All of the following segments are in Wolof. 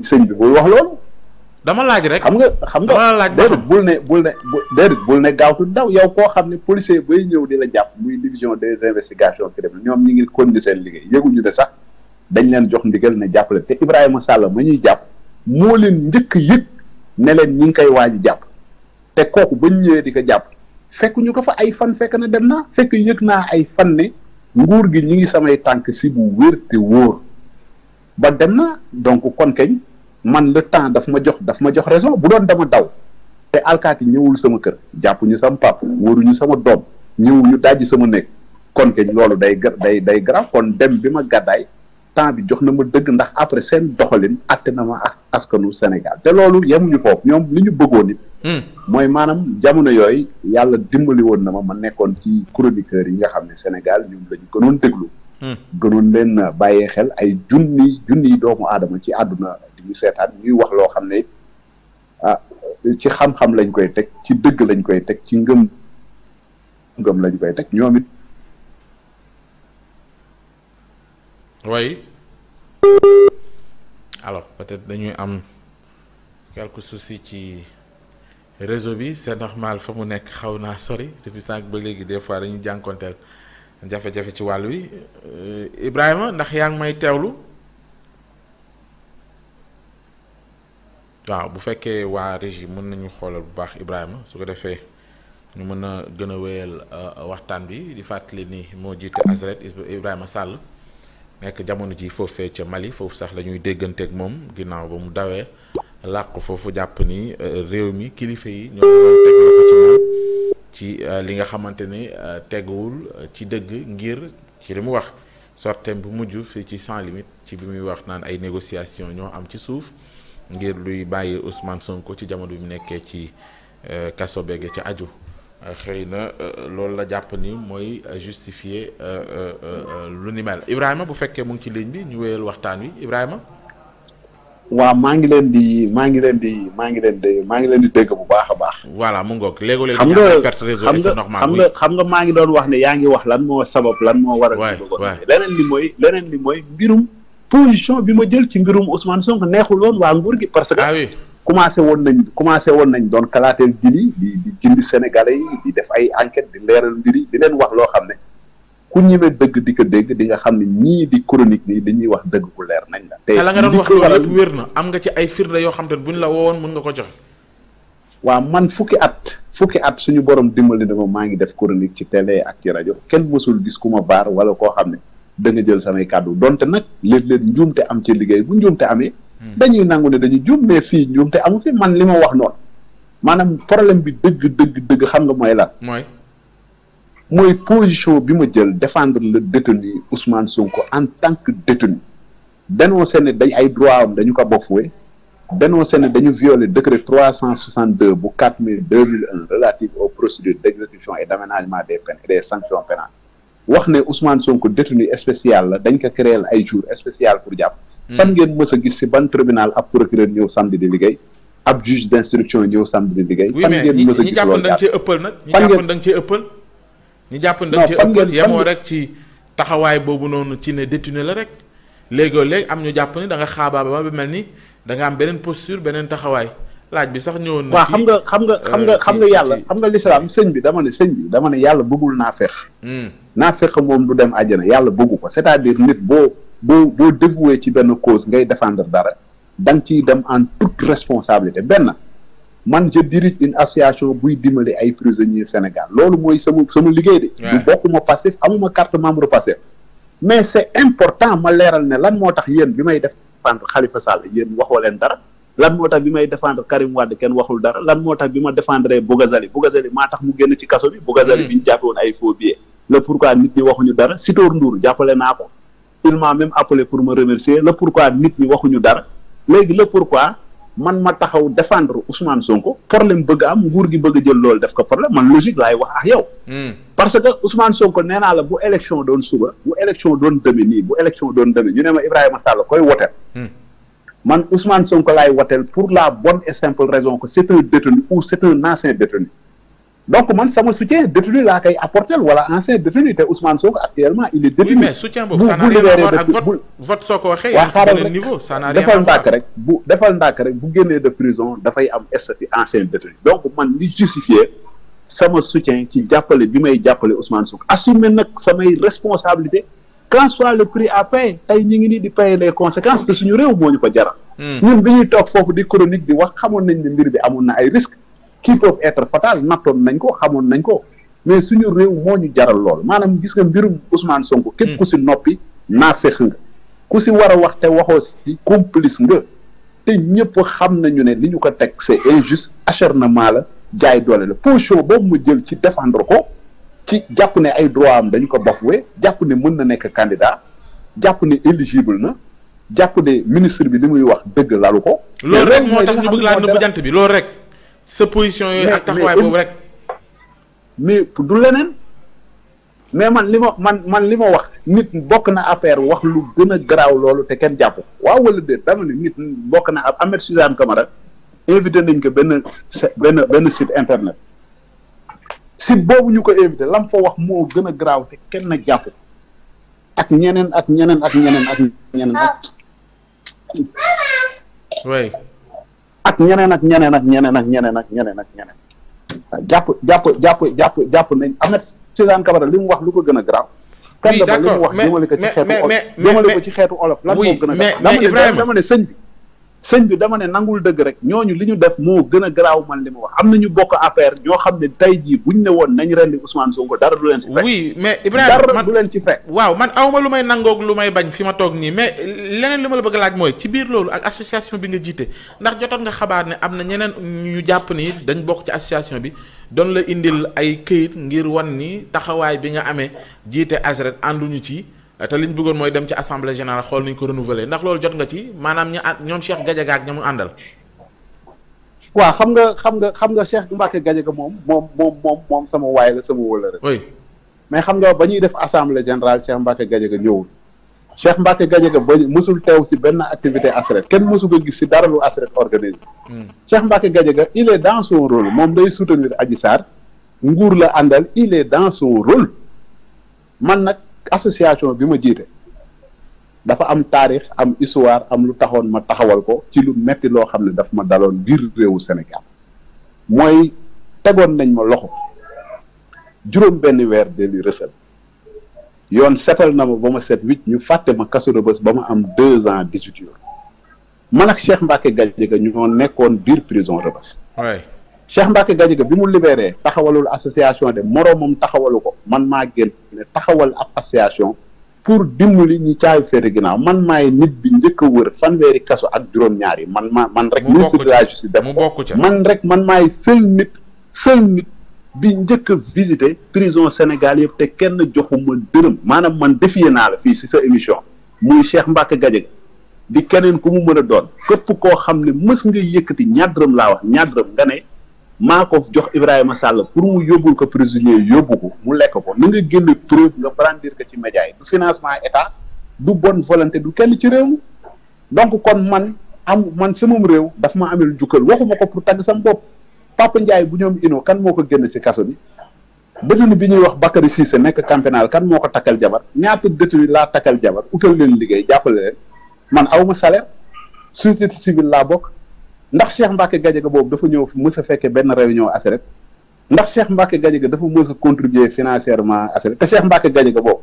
sëñ bi bul wax loolu. dama laaj rek xam nga xam nga déedéet bul ne bul ne déedéet bul ne gaaw gaawtu ndaw yow koo xam ne policier bay ñëw di la jàpp muy division des investigations criminelles ñoom ñi ngi kon continuer seen liggéey yëguñu ne sax dañ leen jox ndigal ne jàppale te Ibrahima Sall ma ñuy jàpp moo leen njëkk yëg ne leen ñi ngi koy waaj jàpp te kooku bañ ñëwee di ko jàpp fekkuñu ko fa ay fan fekk na dem naa fekk yëg naa ay fan ne nguur gi ñi ngi samay tànk si bu wér wóor ba dem na donc kon kañ man le temps dafa ma jox daf ma jox raison bu doon dama daw te alkaati ñëwul sama kër jàppuñu sama pap wóoruñu sama doom ñu dajji sama néeg kon kañ loolu day day day grave kon dem bi ma gàddaay temps bi jox na ma dëgg ndax après seen doxalin atte na ma ak askanu Sénégal te loolu yemuñu foofu ñoom li ñu bëggoon it. Hmm. mooy maanaam jamono yooyu yàlla dimbali woon na ma ma nekkoon ci chroniqueur yi nga xam ne Sénégal ñoom la ñu gënoon leen bàyyee xel ay junni junni doomu aadama ci àdduna di ñu seetaan ñuy wax loo xam ne ah ci xam-xam lañ koy teg ci dëgg lañ koy teg ci ngëm ngëm lañ koy teg ñoom it way alors peut-être dañuy am quelques soucis ci réseau bi c'est normal fa mu nekk xaw naa sori depuis sànq ba léegi des fois dañuy jànkonteel jafe-jafe ci wàll wi euh, Ibrahima ndax yaa ngi may teewlu waaw bu fekkee waa régie mën nañu xoolal bu baax Ibrahima su ko defee ñu mën a gën a wéyal euh, waxtaan bi di fàttali ni moo jiite Azret Ibrahima sàll nekk jamono ji foofee ca Mali foofu sax lañuy ñuy dégganteeg moom ginnaaw ba mu dawee làqu foofu jàpp ni euh, réew mi kilifa yi ñoo ci euh, li nga xamante ni euh, teguwul euh, ci dëgg ngir ci li mu wax sortem bu mujj fii ci sans limite ci bi muy wax naan ay négociation ñoo am ci suuf ngir luy bàyyi Ousmane Sonko ci jamono bi mu nekkee ci kaso beeg ca aju xëy na loolu la jàpp ni mooy justifier lu ni mel Ibrahima bu fekkee mu ngi ci ligne bi ñu wéyal waxtaan wi Ibrahima. waaw maa ngi leen di maa ngi leen di maa ngi leen di maa ngi leen di dégg bu baax a baax. voilà mu ngoog léegoo léegi. xam nga perte réseau c'est normal xam nga xam nga maa ngi doon wax ne yaa ngi wax lan moo sabab lan moo war a. waay waay leneen li mooy leneen li mooy mbirum position bi ma jël ci mbirum Ousmane Sonko neexul woon waa nguur gi parce que. Ah commencé woon nañ commencé woon nañ doon kalaateel jili di di gindi yi di def ay enquête di leeral mbir di leen wax loo xam ne. ku ñime dëgg di ko dégg di nga xam ne ñii di chronique nii dañuy wax dëgg bu leer nañ la. te la nga wax loolu yëpp wér na am nga ci ay firnde yoo xam bu ñu la woowoon mën nga ko joxe. waaw man fukki at fukki at suñu borom dimbali dama maa ngi def chronique ci télé ak ci rajo kenn mësul gis ku ma baar wala koo xam ne da jël samay kàddu donte nag léeg-léeg njuumte am ci liggéey bu njuumte amee. Hmm. dañuy nangu ne dañuy juum mais fii njuumte amu fi man li ma wax noonu maanaam problème bi dëgg dëgg dëgg xam nga mooy lan. mooy mooy position bi ma jël défendre le détenu Ousmane Sonko en tant que détenu dénoncé ne dañ ay droit am dañu ko bofwe dénoncé ne dañu violé décret trois cent soixante deux bu quatre mai deux mille un relatif aux procédures d'exécution et d'aménagement des peines et des sanctions pénales wax ne Ousmane Sonko détenu spécial la dañ ko créel ay jour spécial pour jàpp hmm. fan ngeen mës gis si ban tribunal ab procureur ñëw samedi di liggéey ab juge d'instruction ñëw a gis loolu jàpp ñi ëppal ñu jàpp ne dañ ci ëppal yemoo rek ci taxawaay boobu noonu ci ne détenu la rek léegoo léegi am ñu jàpp ni da nga xaabaaba ba mel ni danga am beneen posture beneen taxawaay laaj bi sax ñëwoon na. waaw xam nga xam nga xam nga euh, xam nga yàlla xam nga lislaam sëñ bi dama ne sëñ bi dama ne yàlla bëggul naa feex hmm. naa feex moom du dem àjjana yàlla bëggu ko c'est-à-dire nit boo boo boo dévoué ci benn cause ngay défendre dara da nga ciy dem en toute responsabilité benn man je dirige une association buy dimbali ay prisonniers Sénégal loolu mooy sama sama liggéey de. du bokkuma passif amuma carte membre passif. mais c' important ma leeral ne lan moo tax yéen bi may défendre xalifa Sall yéen waxoo leen dara lan moo tax bi may défendre Karim Wade kenn waxul dara lan moo tax bi ma défendre Bougazelli Bougazelli maa tax mu génn ci kaso bi. Bougazelli mm. bi ñu jàppee woon ay faux billets. le pourquoi nit ñi waxuñu dara Sitor Ndour jàppale naa ko il même appelé pour me remercier le pourquoi nit ñi waxuñu dara léegi le pourquoi. man ma taxaw défendre Ousmane Sonko problème bëgg am nguur gi bëgg jël loolu def ko problème man logique laay wax ak yow. Hmm. parce que Ousmane Sonko nee naa la bu élection doon suba bu élection doon demee nii bu élection doon demee ñu ne ma Ibrahima Sall koy woteel. Hmm. man Ousmane Sonko laay wotel pour la bonne et simple raison que c'est un détenu ou c'est un ancien détenu. donc man sama soutien détenu laa koy apporter wala ancien détenu te Ousmane Sonko actuellement il est détenu. oui mais soutien boobu ça n'a rien à voir ak rek bu defal ndàkk rek bu génnee de prison dafay am statut ancien détenu donc man li justifier sama soutien ci jàppale bi may jàppale Ousmane Sonko assumer nag samay responsabilité quand soit le prix à payer tey ñu ngi nii di payer les conséquence te suñu réew moo ñu ko jaral. Hmm. ñun bi ñuy toog foofu di chronique di wax xamoon nañ ne mbir bi amoon na ay risques. qui peuvent être fatales nattoon nañ ko xamoon nañ ko mais suñu réew moo ñu jaral lool maanaam gis nga mbirum Ousmane Sonko. képp hmm. ku si noppi naa fex nga. ku si war a wax te waxoo si complice nga te ñëpp xam nañu ne li ñu ko teg c'est injuste acharnement la jaay doole la position boobu mu jël ci défendre ko ci jàpp ne ay droit am dañu ko bafoué jàpp ne mën na nekk candidat jàpp ne éligible na jàpp ne ministre bi li muy wax dëgg lalu ko. loolu rek moo jant bi loolu rek. sa position yooyu ak taxawaay boobu rek. mais du leneen mais man li ma man man li ma wax nit bokk na affaire wax lu gën a garaaw loolu te kenn jàpp waaw wala déet dama ne nit bokk na ab Ahmed Suzanne Camara invité nañ ko benn benn benn site internet site boobu ñu ko invité lam fa wax moo gën a garaaw te kenn na jàpp ak ñeneen ak ñeneen ak ñeneen ak ñeneen ah. ñeneen ak ñeneen ak ñeneen ak ñeneen ak ñeneen ak ñeneen waaw jàpp jàpp jàpp jàpp nañ am na Suzanne Camara li mu wax lu ko gën a grave kan la ba li wax jëmale ko ci xeetu olof jëmale ko ci xeetu olof lan moo a grave dama ne sëñ bi sëñ bi dama ne nangul dëgg rek ñooñu li ñu def moo gën a garaaw man li ma wax am na ñu bokk affaire ñoo xam ne tey jii bu buñ ne woon nañ rendi Ousmane Sonko dara du leen ci fekk. oui mais Ibrahima dara leen ci waaw man awma lu may nangoog lu may bañ fi ma toog nii mais leneen li ma la bëgg laaj mooy ci biir loolu ak association bi nga jiite ndax jotoon nga xabaar ne am na ñeneen ñu jàpp nii dañ bokk ci association bi doon la indil ay këyit ngir wan nii taxawaay bi nga amee jiite ASRED ànduñu ci. Eh, te li ñu bëggoon mooy dem ci assemblée générale xool nañ ko renouveler ndax loolu jot nga ci maanaam ñi a ñoom Cheikh Gadiaga ak ña mu àndal. waaw xam nga xam nga xam nga Cheikh Mbacke Gadiaga moom moom moom moom moom sama waay la sama wóolare. oui mais xam nga ba ñuy def assemblée générale Cheikh Mbacke Gadiaga ñëwul. Cheikh Mbacke Gadiaga ba mësul teew si benn activité ASRED kenn mësu ko gis si dara lu ASRED organisé. Hmm. Cheikh Mbacke Gadiaga il est dans son rôle moom day soutenir Adji Sarr nguur la àndal il dans son rôle association bi ma jiite dafa am taarix am histoire am lu taxoon ma taxawal ko ci lu metti loo xam ne daf ma daloon biir réewu Sénégal mooy tegoon nañ ma loxo juróom benn weer deli rësal yoon setal na ma ba ma set huit ñu fàtte ma kaso Rebeuss ba ma am deux ans dix-huit man ak Cheikh Mbacke ñu ñoo nekkoon biir prison Rebeuss. Cheikh Mbacke Gadiaga bi mu libéré taxawalul association de moroomam taxawalu ko man maa génn taxawal ak association pour dimbali ñu caayu féete ginnaaw man maay nit bi njëkk a wër fanweeri kaso ak juróom-ñaar yi man maa man rek ministre de la justice def ko man rek man maay seul nit seul nit bi njëkk a prison Sénégal yëpp te kenn joxuma dërëm maanaam man défier naa la fii si sa émission muy Cheikh Mbacke Gadiaga di keneen ku mu mën a doon képp koo xam ne mës nga yëkkati ñaar laa ñaar dërëm ne maa ko jox Ibrahima Sall pour mu yóbbul ko prisonnier yóbbu ko mu lekk ko na nga génne preuve nga brandir ko ci média yi du financement état du bonne volonté du kenn ci réew mi donc kon man am man sama réew daf ma amel njukkal waxuma ko pour tagg sam bopp Papa Ndiaye bu ñoom ino kan moo ko génn si kaso bi détenu bi ñuy wax Bakary Cissé nekk camp pénal kan moo ko takkal jabar ñaata détenu laa takkal jabar utal leen liggéey jàppale leen man awma salaire société civile laa bokk ndax Cheikh Mbacke Gadiaga boobu dafa ñëw mës a fekkee benn réunion ASRED ndax Cheikh Mbacke Gadiaga dafa mës a contribuer financièrement ASRED te Cheikh gaje Gadiaga boobu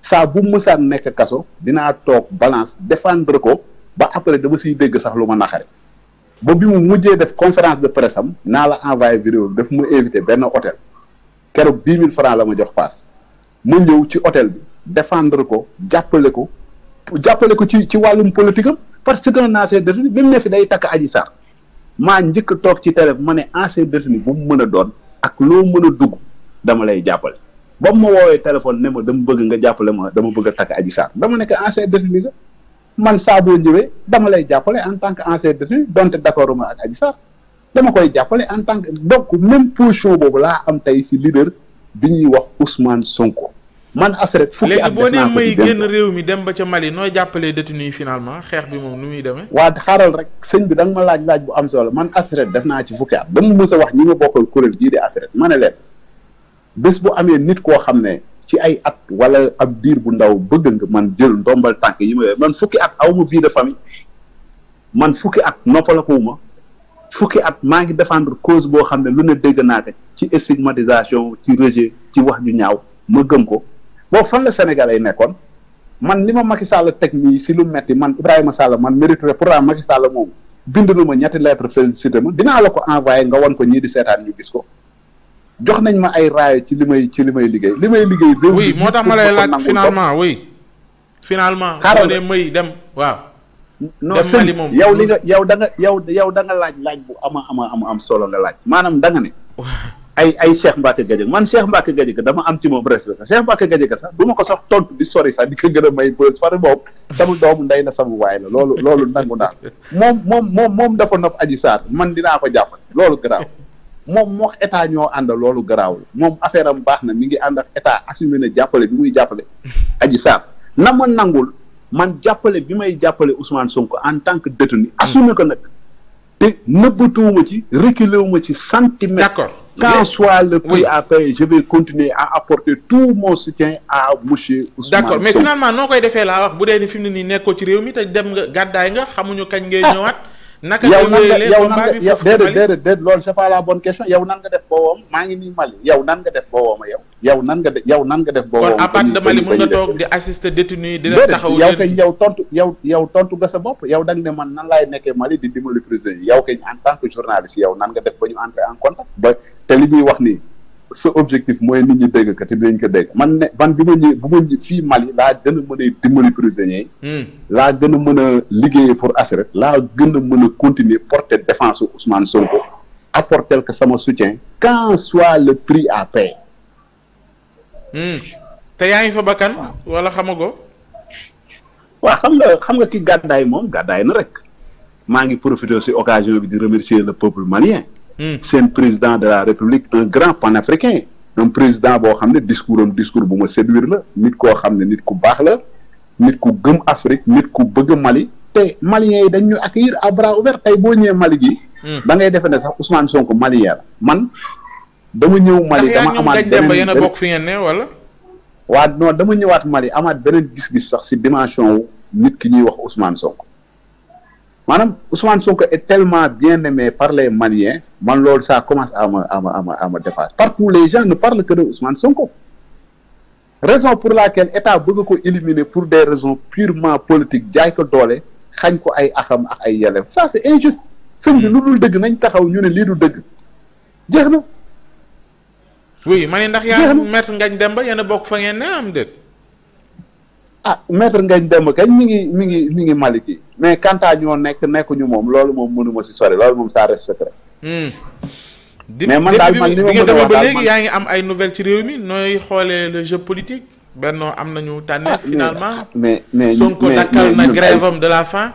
saa bu mësaan nekk kaso dinaa toog balance défendre ko ba après dama si dégg sax lu ma naqare ba bi mu mujjee def conférence de presse am naa la envoyé vidéo bi daf mu invité benn hôtel keroog dix mille francs la ma jox paas ma ñëw ci hôtel bi défendre ko jàppale ko jàppale ko ci ci wàllum politique am que un ancien détenu ne fi day takk Adji Sarr maa njëkk toog ci télé ma ne ancien détenu bu mu mën a doon ak loo mën a dugg dama lay jàppale ba mu ma woowee téléphone ne ma dama bëgg nga jàppale ma dama bëgg a takk Adji Sarr dama nekk ancien détenu nga man saa boo ñëwee dama lay jàppale en tant que ancien détenu donte d'accord ma ak Adji Sarr dama koy jàppale en tant que donc même position boobu laa am tey si leader bi ñuy wax Ousmane Sonko man asret fukki at boo nee may génn réew mi dem ba ca Mali nooy jàppalee détenu yi finalement xeex bi moom nu muy demee waa xaaral rek sëñ bi da ma laaj laaj bu am si solo man asret def naa ci fukki at dama mës a wax ñi ma bokkal kuréel gii di asret ma ne leen bés bu amee nit koo xam ne ci ay at wala ab diir bu ndaw bëgg nga man jël ndombal tànk yi ma yooyu man fukki at awma vie de famille man fukki at noppalakuma fukki at maa ngi défendre cause boo xam ne lu ne dégg naa ko ci stigmatisation ci rejet ci wax ju ñaaw ma gëm ko boobu fan sénégal Sénégalais yi nekkoon man li ma Macky Sall teg nii si lu metti man Ibrahima Sall man mériterait pourtant Macky Sall moom bind ma ñetti lettre félicité ma dinaa la ko envoyé nga wan ko ñii di seetaan ñu gis ko jox nañ ma ay raayo ci li may ci li may liggéey li may liggéey. réew mi moo tax ma lay laaj finalement oui. finalement xaaral de may dem waaw. non sëñ yow li nga yow danga nga yow yow da laaj laaj bu ama ama am am solo nga laaj maanaam danga nga ne ay ay Cheikh Mbacke Gadiaga man Cheikh Mbacke Gadiaga dama am ci moom respect Cheikh Mbacke Gadiaga sax du ma ko sax tontu di sori sax di ko gën a may bës far moom sama doomu ndey la sama waay la loolu loolu nangu naa moom moom moom moom dafa nopp aji Sarr man dinaa ko jàpp loolu garaaw moom moo état ñoo ànd loolu garaawul moom affaire am baax na mi ngi ànd ak état assumé na jàppale bi muy jàppale aji Sarr na ma nangul man jàppale bi may jàppale Ousmane Sonko en tant que détenu assumé ko te nëbbatuwuma ci reculer wu ci centimètre. d'accord qu'en soit le prix à payer je vais continuer à apporter tout mon soutien à monsieur Ousmane d'accord mais finalement noo koy defee laa wax bu dee ni fi mu ne nii nekkoo ci réew mi te dem nga gàddaay nga xamuñu kañ ngay ah. ñëwaat. naka yow nan nga yow nan nga déedéet déedéet déedéet loolu c'est pas la bonne question nan nga def boo wooma maa ngi nii Mali yow nan nga def boo wooma yow yow nan nga def yow nan nga def boo wooma kon à part de Mali mun nga toog di assister détenu yi dina taxaw yow kañ yow tontu yow yow tontu nga sa bopp yow dang ne man nan laay nekkee Mali di dimbali prisonniers yow kañ en tant que journaliste yow nan nga def ba ñu entrer en contact te li ñuy wax nii sa objectif mooy nit ñi dégg ko te dinañ ko dégg man ne man bi ma ñëw bu ma fii Mali laa gën a mën a dimbali hmm. laa gën a mën a liggéey pour assurer. laa gën a mën a continuer porter défense Ousmane Sonko apporter que sama soutien. qu'en soit le prix à payer. Hmm. te yaa ngi fa bakkan wala ko waa xam nga xam nga ki gàddaay moom gàddaay na rek maa ngi profité si occasion bi di remercier le peuple malien. Hmm. seen président de la république un grand panafricain un président boo xam ne discours am discours bu ma séduire la nit koo xam ne nit ku baax la nit ku gëm Afrique nit ku bëgg Mali te maliens yi dañ ñu ak à bras ouverts tey boo ñëwee Mali gi hmm. da ngay defe ne sax Ousmane Sonko malien la man dama ñëw Mali dama amaat beneen yéen a fi ngeen wala waa non dama ñëwaat Mali amaat beneen gis-gis sax si dimension wu nit ki ñuy wax Ousmane Sonko maanaam Ousmane Sonko est tellement bien aimé par les Maliens man loolu ça commence à ma à ma à ma à partout les gens ne parlent que de Ousmane Sonko raison pour laquelle état bëgg ko éliminer pour des raisons purement politiques jaay ko doole xañ ko ay axam ak ay yelleef ça c'est injuste sëñ bi hmm. lu dul dëgg nañ taxaw ñu ne lii du dëgg jeex na. oui ma ne ndax yaa maître Ngagne Demba yéen a bokk fa ngeen ne am déet. ah maître Ngagne Demba kañ mi ngi mi ngi mi ngi Mali gi mais quant à ñoo nekk nekkuñu moom loolu moom mënuma si sore loolu moom ça reste secret. Hmm. mais man daal man li ma mën a wax ba léegi yaa ngi am ay nouvelles ci réew mi nooy xoolee le jeu politique Benno am nañu tànneef ah, finalement ah, mais mais Sonko dakkal na grève am de la faim.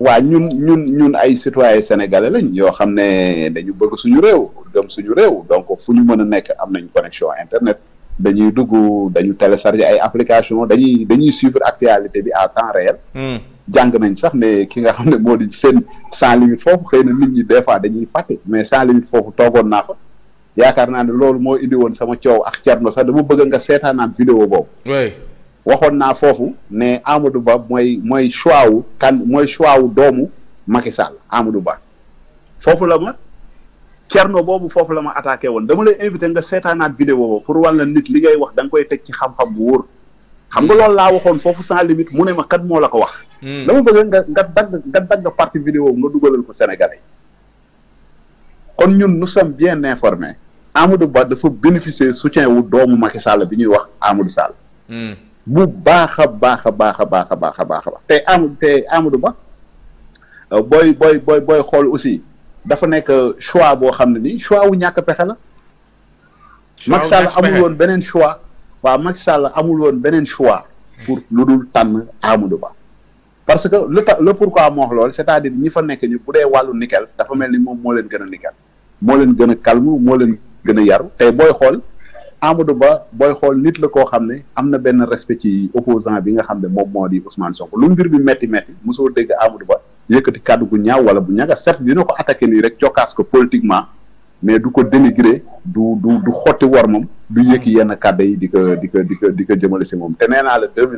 waa ñun ñun ñun ay citoyens sénégalais lañ yoo xam ne dañu bëgg suñu réew gëm suñu réew donc fu ñu mën a nekk am nañ connexion internet. dañuy dugg dañu télécharger ay application dañuy dañuy suivre actualité bi à temps réel hmm. jàng nañ sax mais ki nga xam ne moo di seen sans limite foofu xëy na nit ñi des fois dañuy fàtte mais sans limite foofu toogoon naa fa yaakaar naa ne loolu moo indi woon sama coow ak Thierno sax dama bëgg nga seetaanaan vidéo boobu waxoon naa foofu ne du Ba mooy mooy choix wu kan mooy choix wu doomu Macky Sall Amadou Ba foofu la ma cerno boobu foofu la ma attaqué woon dama lay invité nga seetaanaat vidéo boobu pour wàll nit li ngay wax da nga koy teg ci xam-xam bu wóor xam nga loolu laa waxoon foofu sans limit mu ne ma kat moo la ko wax hmm. dama bëgg nga nga dagg nga dagg partie vidéo nga dugalal ko sénégalais kon ñun nous sommes bien informés Amadou Ba dafa bénéficier soutien wu doomu Macky Sall bi ñuy wax Amadou Sall hmm. bu baax a baax a baax a baax a baax a baax a baax te Amadou te Ba euh, booy booy booy booy xool aussi dafa nekk choix boo xam ne ni choix wu ñàkk pexe la. Macky Sall amul woon beneen choix. waaw Macky amul woon beneen choix. pour lu dul tànn Amadou Ba. parce que le ta le pourquoi moo lool c'est-à-dire ñi fa nekk ñu bu dee wàllu nickel dafa mel ni moom moo leen gën a nickel. moo leen gën a calme moo leen gën a yaru tey booy xool Amadou Ba booy xool nit la koo xam ne am na benn respect ci opposant bi nga xam ne moom moo di Ousmane Sonko lu mbir bi metti metti mosoo dégg Amadou Ba. yëkkati kàddu gu ñaaw wala bu ñaga certes dina ko attaqué nii rek cokkaas ko politiquement mais du ko dénigré du du du xotti war moom du yëkki yenn kàdda yi di ko di ko di ko di ko jëmale si moom te nee naa la